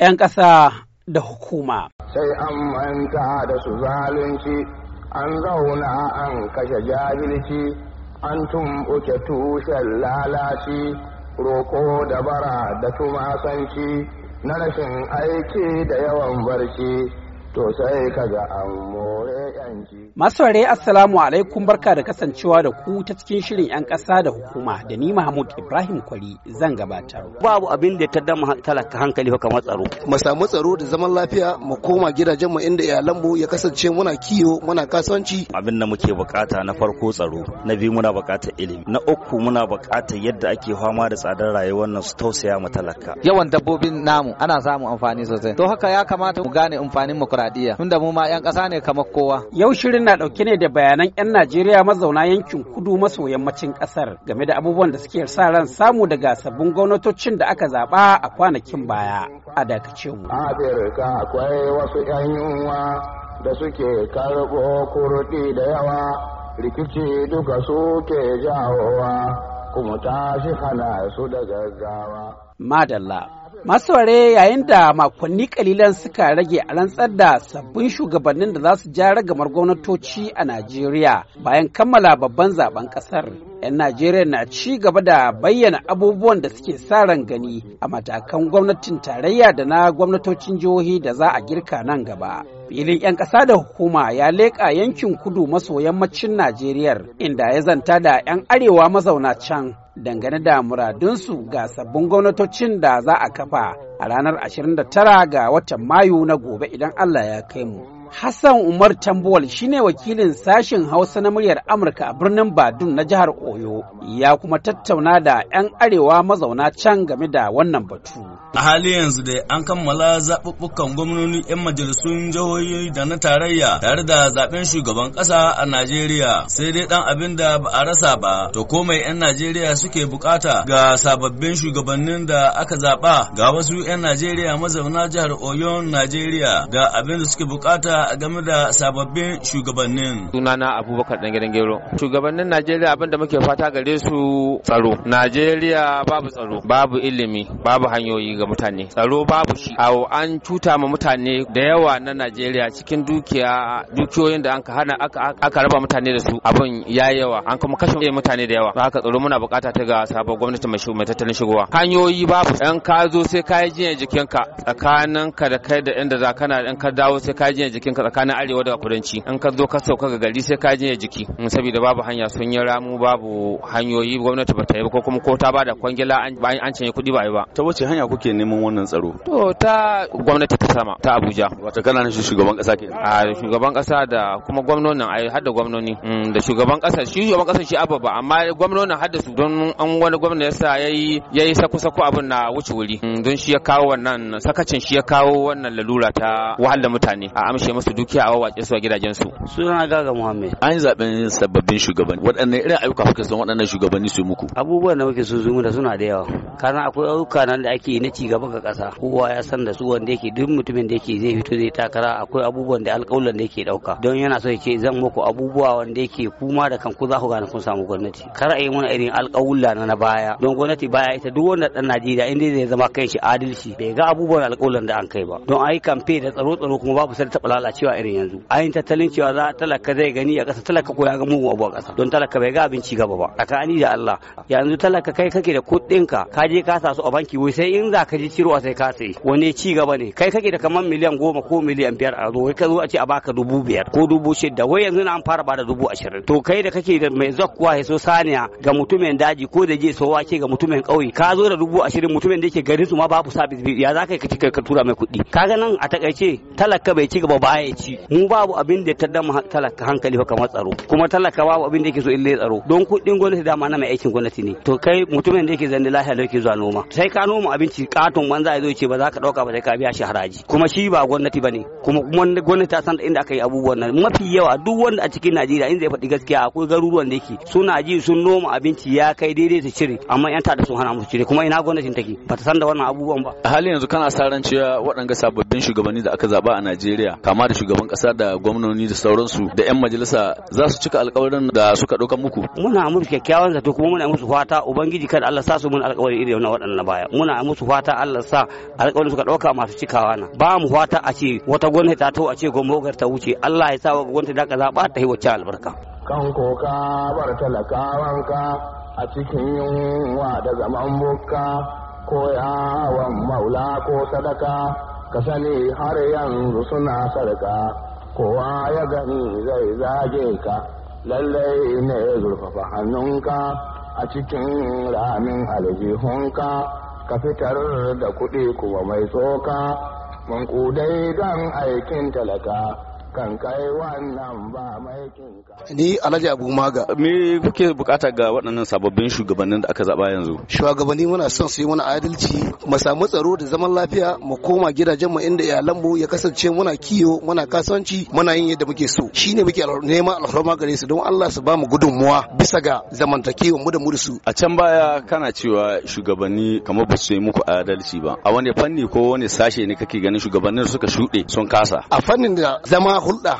'yan ƙasa da hukuma. Sai an manta da su zalunci, an zauna an kashe jahilci, an tumɓuke tushen lalaci, roƙo da bara da tumasanci, na rashin aiki da yawan barci, to sai kaga an more. Masaure Assalamu alaikum barka da kasancewa da ku ta cikin shirin 'yan ƙasa da hukuma da ni Mahmud Ibrahim Kwari zan gabatar. Babu abin da ta dama talaka hankali ko kamar tsaro. Mu samu tsaro da zaman lafiya mu koma gidajen mu inda iyalanmu ya kasance muna kiyo muna kasuwanci. Abin da muke bukata na farko tsaro, na biyu muna bukatar ilimi, na uku muna bukatar yadda ake fama da tsadar rayuwar nan su tausaya ma talaka. Yawan dabbobin namu ana samun amfani sosai. To haka ya kamata mu gane amfanin kuradiya, tunda mu ma 'yan ƙasa ne kamar kowa. Yau shirin na ɗauke ne da bayanan 'yan Najeriya mazauna yankin kudu maso yammacin ƙasar game da abubuwan da suke sa ran samu daga sabbin gwamnatocin da aka zaɓa a kwanakin baya. A dakace mu. Afirka akwai wasu 'yan yunwa da suke karɓo kurɗi da yawa, rikici duka suke jawowa, kuma shi hana su da gaggawa. Madalla. Masu yayin da makonni kalilan suka rage a rantsar da sabbin shugabannin da za su ja ragamar gwamnatoci a Najeriya bayan kammala babban zaben kasar. 'Yan Najeriya na ci gaba da bayyana abubuwan da suke sa ran gani a matakan gwamnatin tarayya da na gwamnatocin jihohi da za a girka nan gaba. filin 'yan ƙasa da hukuma ya leƙa yankin kudu maso yammacin Najeriya inda ya zanta da 'yan arewa mazauna can dangane da muradunsu ga sabbin gwamnatocin da za a kafa a ranar 29 ga watan Mayu na gobe idan Allah ya kai mu. Hassan Umar Tambuwal shine wakilin sashen Hausa na muryar Amurka a birnin Badun na jihar Oyo ya kuma tattauna da 'yan arewa mazauna can game da wannan batu. a hali yanzu dai an kammala zaɓuɓɓukan gwamnoni 'yan majalisun jihohi da na tarayya tare da zaɓen shugaban ƙasa a Najeriya sai dai ɗan abin da ba a rasa ba to ko mai 'yan Najeriya suke bukata ga sababbin shugabannin da aka zaɓa ga wasu 'yan Najeriya mazauna jihar Oyo Najeriya ga abin da suke bukata game da sababbin shugabannin. Sunana Abubakar gidan Gero. Shugabannin Najeriya abin da muke fata gare su tsaro. Najeriya babu tsaro, babu ilimi, babu hanyoyi ga mutane tsaro babu shi awo an cuta ma mutane da yawa na Najeriya cikin dukiya dukiyoyin da anka hana aka raba mutane da su abin ya yawa an kuma kashe mutane da yawa haka tsaro muna bukata ta ga sabon gwamnati mai shugaban tattalin shigowa hanyoyi babu yan ka zo sai ka yi jikin jikinka tsakanin ka da kai da inda za kana in ka dawo sai ka yi jinyar jikinka tsakanin arewa da kudanci in ka zo ka sauka ga gari sai ka yi jinya jiki saboda babu hanya sun yi ramu babu hanyoyi gwamnati ba ta yi ba ko kuma ko ta bada kwangila an cinye kuɗi ba yi ba ta wace hanya kuke neman wannan tsaro to ta gwamnati ta sama ta Abuja wato kana nan shugaban kasa ke a shugaban kasa da kuma gwamnonin ai har da gwamnoni mm, da shugaban kasa shi shugaban kasa shi ababa amma gwamnonin har da su don an wani gwamna yasa yayi yayi sako sako abin na wuce wuri mm, don shi ya kawo wannan sakacin shi ya kawo wannan lalura ta wahalar mutane a amshe musu dukiya a wawace su a gidajen su suna gaga muhammed an yi zaben sababbin shugabanni waɗanne irin ayyuka kuke son waɗannan shugabanni su muku abubuwan da muke so su da suna da yawa kana akwai ayyuka nan da ake yi na ci gaba ga kasa kowa ya san da su wanda yake duk mutumin da yake zai fito zai takara akwai abubuwan da alƙawlan da yake dauka don yana so yake zan muku abubuwa wanda yake kuma da kanku za ku gane kun samu gwamnati kar a yi mana irin alƙawulla na baya don gwamnati baya ita duk wanda dan Najeriya in zai zama kai shi adalci bai ga abubuwan alƙawlan da an kai ba don ai kamfe da tsaro tsaro kuma babu sai taɓa lalacewa irin yanzu ayin tattalin cewa za talaka zai gani a ƙasa talaka ko ya ga mugun abu a ƙasa don talaka bai ga abinci gaba ba tsakani da Allah yanzu talaka kai kake da kuɗinka ka je ka sa su a banki wai sai in za ka ji a sai ka sai wani ci gaba ne kai kake da kamar miliyan goma ko miliyan biyar a zo ka zo a ce a baka dubu biyar ko dubu shida wai yanzu na an fara bada dubu ashirin to kai da kake da mai zakkuwa ya so saniya ga mutumin daji ko da je sowa wake ga mutumin ƙauye ka zo da dubu ashirin mutumin da yake garin su ma babu sabis ya za ka yi ka tura mai kuɗi kaga nan a takaice talaka bai ci gaba ba ya ci mu babu abin da ta dama talaka hankali kamar tsaro kuma talaka babu abin da yake so illa tsaro don kuɗin gwamnati dama na mai aikin gwamnati ne to kai mutumin da yake zanne lahiya da yake zuwa noma sai ka noma abinci katon banza ya zo ce ba za ka dauka ba sai ka biya shi haraji kuma shi ba gwamnati bane kuma gwamnati ta san inda aka yi abubuwan nan mafi yawa duk wanda a cikin Najeriya in zai faɗi gaskiya akwai garuruwan da yake suna ji sun noma abinci ya kai daidai ta cire amma yan da sun hana musu cire kuma ina gwamnatin take ba ta san da wannan abubuwan ba a halin yanzu kana sa ran cewa waɗanga sababbin sabbin shugabanni da aka zaba a Najeriya kama da shugaban kasa da gwamnoni da sauransu da 'yan majalisa za su cika alkawarin da suka ɗauka muku. Muna musu kyakkyawan zato kuma muna musu fata Ubangiji kada Allah sa su mun alkawari irin na waɗannan baya. Muna musu fata Allah sa alkawarin suka ɗauka masu cikawa na. Ba mu fata a ce wata gwamnati ta tawo a ce gwamnati ta wuce Allah ya sa wa gwamnati da ka zaba ta yi wacce albarka. Kan koka bar talakawanka a cikin yunwa da zaman bukka ko yawon maula ko sadaka ka sani har yanzu suna sarka kowa ya gani zai zage ka lallai ne zurfafa hannunka a cikin ramin aljihunka ka fitar da kuɗi kuma mai tsoka mankudai don aikin talaka kan kai wannan ba mai kinka. Ni Alhaji Abu Maga. Me kuke bukata ga waɗannan sababbin shugabannin da aka zaba yanzu? Shugabanni muna son su yi mana adalci, mu samu tsaro da zaman lafiya, mu koma gidajen mu inda iyalan mu ya kasance muna kiyo, muna kasuwanci, muna yin yadda muke so. Shine muke neman alhurma gare su don Allah su ba mu gudunmuwa bisa ga zamantakewa mu da mu su. A can baya kana cewa shugabanni kamar ba su yi muku adalci ba. A wani fanni ko wani sashe ne kake ganin shugabannin suka shuɗe sun kasa? A fannin da zama hulɗa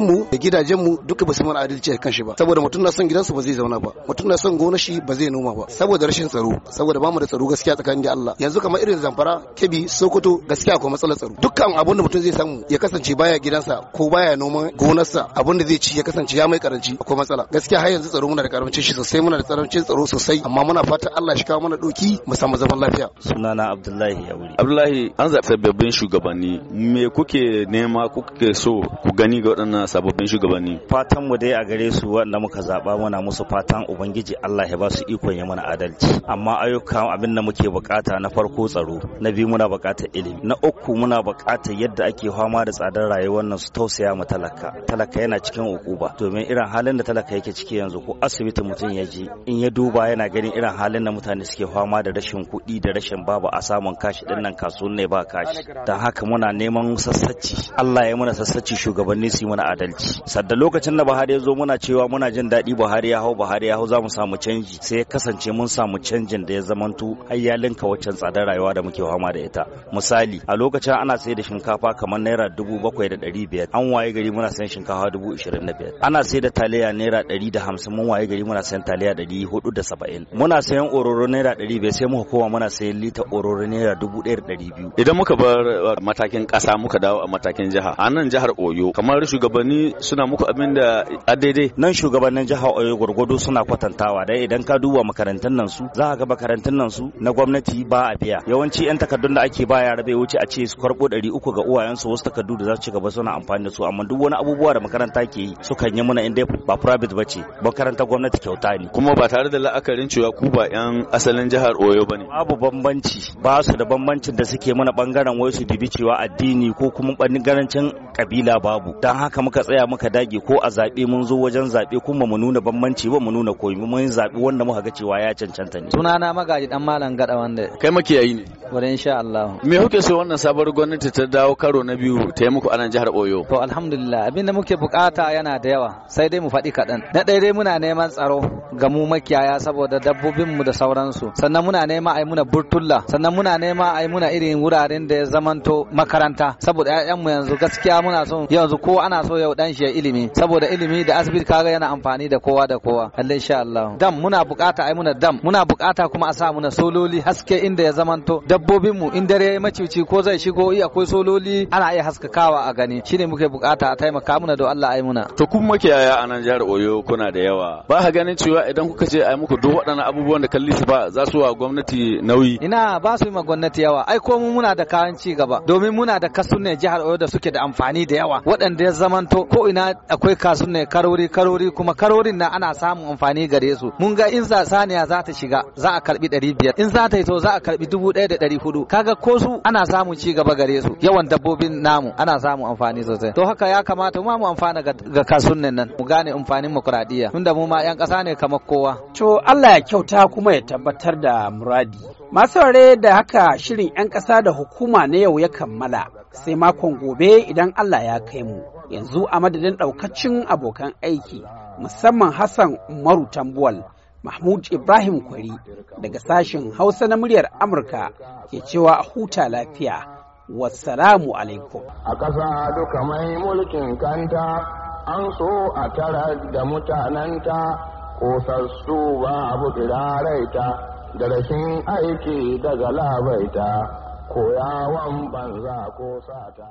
mu da gidajenmu duka ba su mana adalci a kan shi ba saboda mutum na son gidansa ba zai zauna ba mutum na son gonar shi ba zai noma ba saboda rashin tsaro saboda bamu da tsaro gaskiya tsakanin da Allah yanzu kamar irin Zamfara kebi Sokoto gaskiya ko matsalar tsaro dukkan abun da mutum zai samu ya kasance baya gidansa ko baya noman gonarsa abun da zai ci ya kasance ya mai karanci akwai matsala gaskiya har yanzu tsaro muna da karamcin shi sosai muna da karamcin tsaro sosai amma muna fatan Allah shi kawo mana doki mu samu zaman lafiya sunana Abdullahi Yauri Abdullahi an zaɓi sababbin shugabanni me kuke nema kuke so ku gani ga waɗannan sababbin shugabanni fatan mu dai a gare su wanda muka zaɓa muna musu fatan ubangiji Allah ya ba su ikon ya mana adalci amma ayyukan abin da muke bukata na farko tsaro na biyu muna bukatar ilimi na uku muna bukatar yadda ake fama da tsadar rayuwar nan su tausaya ma talaka talaka yana cikin ukuba domin irin halin da talaka yake ciki yanzu ko asibiti mutum ya je in ya duba yana ganin irin halin da mutane suke fama da rashin kuɗi da rashin babu a samun kashi dinnan kasuwan ne ba kashi don haka muna neman sassaci Allah ya mana sassaci adalci shugabanni su yi mana adalci sadda lokacin da Buhari ya zo muna cewa muna jin daɗi Buhari ya hau Buhari ya hau za mu samu canji sai ya kasance mun samu canjin da ya zamanto ayyalin ka waccan tsadar rayuwa da muke fama da ita misali a lokacin ana sayar da shinkafa kamar naira dubu bakwai da ɗari biyar an waye gari muna sayan shinkafa dubu ishirin da biyar ana sayar da taliya naira ɗari da hamsin mun waye gari muna sayan taliya ɗari hudu da saba'in muna sayan ororo naira ɗari biyar sai muka koma muna sayan lita ororo naira dubu ɗaya da ɗari biyu idan muka bar uh, matakin ƙasa muka dawo a matakin jiha a nan jihar Oyo kamar shugabanni suna muku abin da a daidai nan shugabannin jihar Oyo gurgudu suna kwatantawa dai idan ka duba makarantun nan su za ka ga makarantun nan su na gwamnati ba a biya yawanci yan takardun da ake ba yara bai wuce a ce su karɓo ɗari uku ga uwayensu wasu takardu da za su ci gaba suna amfani da su amma duk wani abubuwa da makaranta ke yi sukan yi muna inda ba private ce makarantar gwamnati kyauta ne kuma ba tare da la'akarin cewa ku ba yan asalin jihar Oyo ba ne. babu bambanci ba su da bambancin da suke mana bangaren wai su bibi cewa addini ko kuma bangarancin kabila da babu dan haka muka tsaya muka dage ko a zaɓe mun zo wajen zaɓe kuma mu nuna bambanci ba mu nuna koyi mu mun zaɓi wanda muka ga cewa ya cancanta ne sunana magaji dan malam gada wanda kai makiyayi ne wani insha Allah me kuke so wannan sabar gwamnati ta dawo karo na biyu ta yi muku anan jihar Oyo to alhamdulillah abin da muke bukata yana da yawa sai dai mu faɗi kaɗan na ɗaya dai muna neman tsaro ga mu makiyaya saboda dabbobin mu da sauransu sannan muna nema yi muna burtulla sannan muna nema yi muna irin wuraren da ya zamanto makaranta saboda 'ya'yanmu yanzu gaskiya muna son yanzu ko ana so yau dan shi ya ilimi saboda ilimi da asibiti kaga yana amfani da kowa da kowa Allah insha Allah dam muna bukata ai muna dam muna bukata kuma a sa muna sololi haske inda ya zamanto dabbobin mu in dare macici ko zai shigo iya akwai sololi ana iya haskakawa a gani shine muke bukata a taimaka muna da Allah ai muna to kun makiyaya a nan jihar Oyo kuna da yawa ba ha ganin cewa idan kuka ce ai muku duk waɗannan abubuwan da kalli su ba za su wa gwamnati nauyi ina ba su yi ma gwamnati yawa ai ko mu muna da kayan ci gaba domin muna da ne jihar Oyo da suke da amfani da yawa yawa waɗanda ya zamanto ko ina akwai kasuwa karori karori kuma karorin na ana samun amfani gare su mun ga in saniya za ta shiga za a karbi ɗari biyar in za ta yi to za a karbi dubu ɗaya da ɗari hudu kaga ko su ana samun ci gaba gare su yawan dabbobin namu ana samun amfani sosai to haka ya kamata mu mu amfana ga kasuwan nan mu gane amfanin mukuraɗiyya tunda mu ma 'yan ƙasa ne kamar kowa. to Allah ya kyauta kuma ya tabbatar da muradi. Masu da haka shirin 'yan ƙasa da hukuma na yau ya kammala. sai makon gobe idan Allah ya kai mu. Yanzu a madadin ɗaukacin abokan aiki musamman Hassan Umaru Tambuwal, Mahmud Ibrahim Kwari daga sashen Hausa na muryar Amurka ke cewa a huta lafiya. Wassalamu alaikum. A ƙasa duka mai mulkin kanta an so a tara da mutananta kosassu ba abu da rashin aiki daga labaita. koyawan banza ko sata